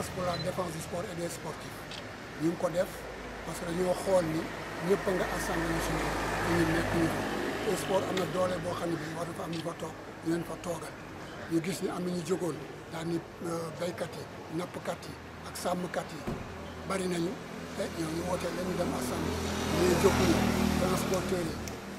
alliance pour la défense du sport et des ñu ngi ko def parce que dañoo xool ni ñëpp a nga assemblée nekk ñu ko sport am na doole boo xam ne bi war na fa am ñu fa toog ñu leen fa toogal ñu gis ni am na ñu jógoon daal ni euh, béykat yi nappkat yi ak sàmmkat yi bari nañu te ñooñu wootee lañu dem assemblée ñuy jóguñu transporteurs yi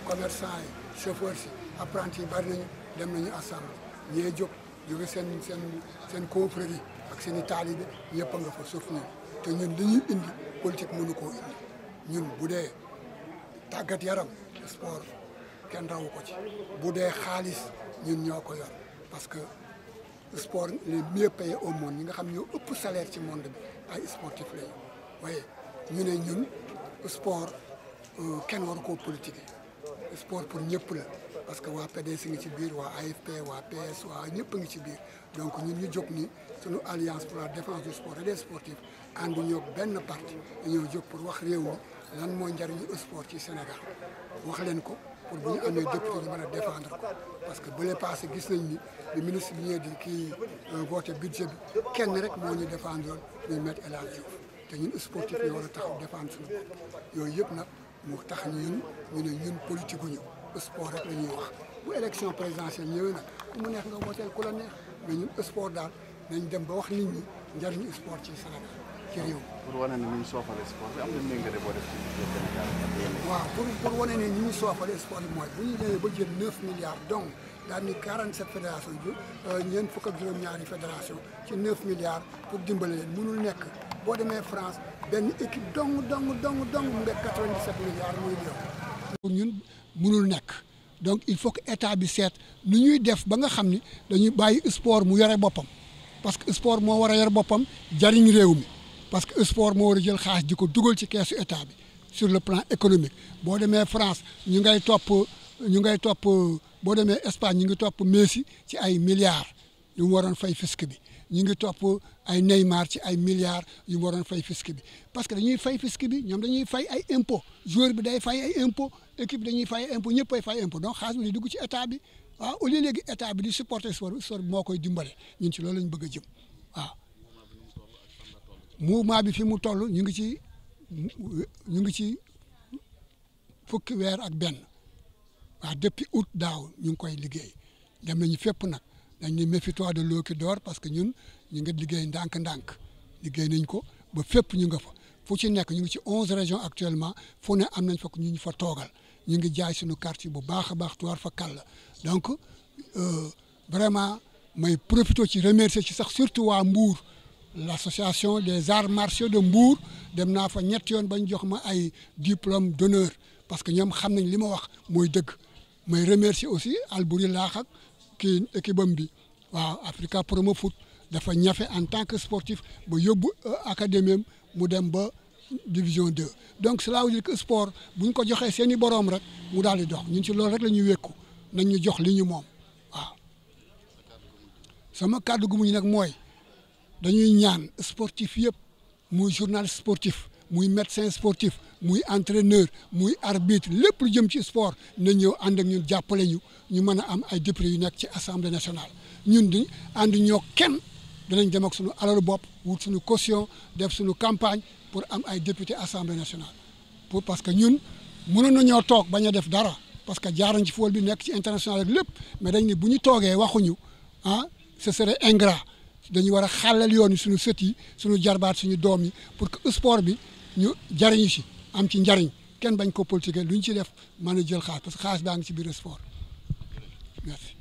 commerçant yi chauffeurs yi apprentis yi bari nañu dem nañu assemblée ñee jóg jóge seen seen seen confrérie ak seen i taalibe yëpp a nga fa suuf ñun te ñun li ñuy indi politique mënu koo indi ñun bu dee tàggat yaram sport kenn rawu ko ci bu dee xaalis ñun ñoo ko yor parce que sport les mieux payés au monde ñi nga xam ñoo ëpp salaire ci monde bi ay sportif lañu waaye ñu ne ñun sport euh, kenn waru koo sport pour ñëpp la parce que waa PDS ngi ci biir waa AFP waa PS waa ñëpp ngi ci biir donc ñun ñu jóg nii suñu alliance pour la défense du sport et des sportifs ñoo benn parti dañoo jóg pour wax réew mi lan mooy njariñu sport ci Sénégal wax leen ko pour bu ñu amee député ñu mën a ko parce que bële passé gis nañ ni bi ñee di kii euh, voté budget bi kenn rek moo ñu défendre muy mettre El te ñun sportif ñoo war a taxaw défendre suñu bopp yooyu yëpp nag mu tax ñun ñu ne ñun politique ñu sport rek la ñuy wax bu élection présidentielle ñëwee nag ku mu neex nga wooteel ku la neex mais ñun sport daal nañ dem ba wax nit ñi njariñu sport ci Sénégal ci réew pour wane ne ñu soofale sport bi am na méngale boo def ci Sénégal waaw pour wane ne ñu ñu soofale sport mooy bu ñu demee ba jël 9 milliards donc daal ni 47 fédération ju ñeent fukk ak juróom-ñaari fédération ci 9 milliards pour dimbale leen mënul nekk boo demee France. benn équipe dong dong muy ñëw. pour ñun mënul nekk donc il faut que état bi seet nu ñuy def ba nga xam ni dañuy bàyyi sport mu yore boppam parce que sport moo war a yore boppam jariñ réew mi parce que sport moo war a jël xaalis di ko dugal ci keesu état bi sur le plan économique boo demee France ñu ngay topp ñu ngay topp boo demee Espagne ñu ngi topp Messi ci ay milliards. yu mu waroon fay fisc bi ñu ngi topp ay Neymar ci ay milliards yu mu waroon fay fisc bi parce que dañuy fay fisc bi ñoom dañuy fay ay impôt joueur bi day fay ay impôt équipe dañuy fay ay impôt ñëpp ay fay impôt donc xaalis bi di dugg ci état bi waaw au lieu état bi di supporter sport bi moo koy dimbale ñun ci loolu lañ bëgg a jëm waaw bi fi mu toll ñu ngi ci ñu ngi ci fukki weer ak benn waaw depuis août daaw ñu ngi koy liggéey dem nañu fépp nag nañu méfie-toi de l'eau qui dort parce que ñun ñu ngi liggéey ndànk-ndànk liggéey nañ ko ba fépp ñu nga fa fu ci nekk ñu ngi ci onze région actuellement foo ne am nañ fa ñu ñu fa toogal ñu ngi jaay suñu quartier bu baax a baax tuwaar fa kàll donc euh, vraiment may profité ci remercier ci sax surtout waa Mbour l'association des arts martiaux de Mbour dem naa fa ñett yoon bañ jox ma ay diplôme d'honneur parce que ñoom xam nañ li ma wax mooy dëgg may remercier aussi Albouri Laax ak kii équipe am waa waaw Africa Promo Foot dafa ñafe en tant que sportif ba yóbbu euh, académie am mu dem ba division deux donc cela veut dire que sport bu ñu ko joxee seen boroom rek mu daal di dox ñun ci loolu rek la ñuy wékku nañ ñu jox li ñu moom waaw sama kàddu gu muñ nag mooy dañuy ñaan sportif yëpp mu journaliste sportif muy médecin sportif muy entraîneur muy arbitre lépp lu jëm ci sport na ñëw ànd ak ñun jàppale ñu ñu mën a am ay député yu nekk ci assemblée nationale ñun di ànd ñoo kenn danañ dem ak suñu alalu bopp wut suñu caution def suñu campagne pour am ay député assemblée nationale pour parce que ñun mënoon nañoo toog bañ a def dara parce que jaarañ ci fool bi nekk ci international ak lépp mais dañ ne bu ñu toogee waxuñu ah ce serait ingrat dañu war a xàllal yoon yi suñu sët yi suñu jarbaat suñu doom yi pour que sport bi ñu jariñu si am ci njariñ kenn bañ ko politique lu ñu ci def mën a jël xaalis parce que xaalis baa ngi ci biir sport merci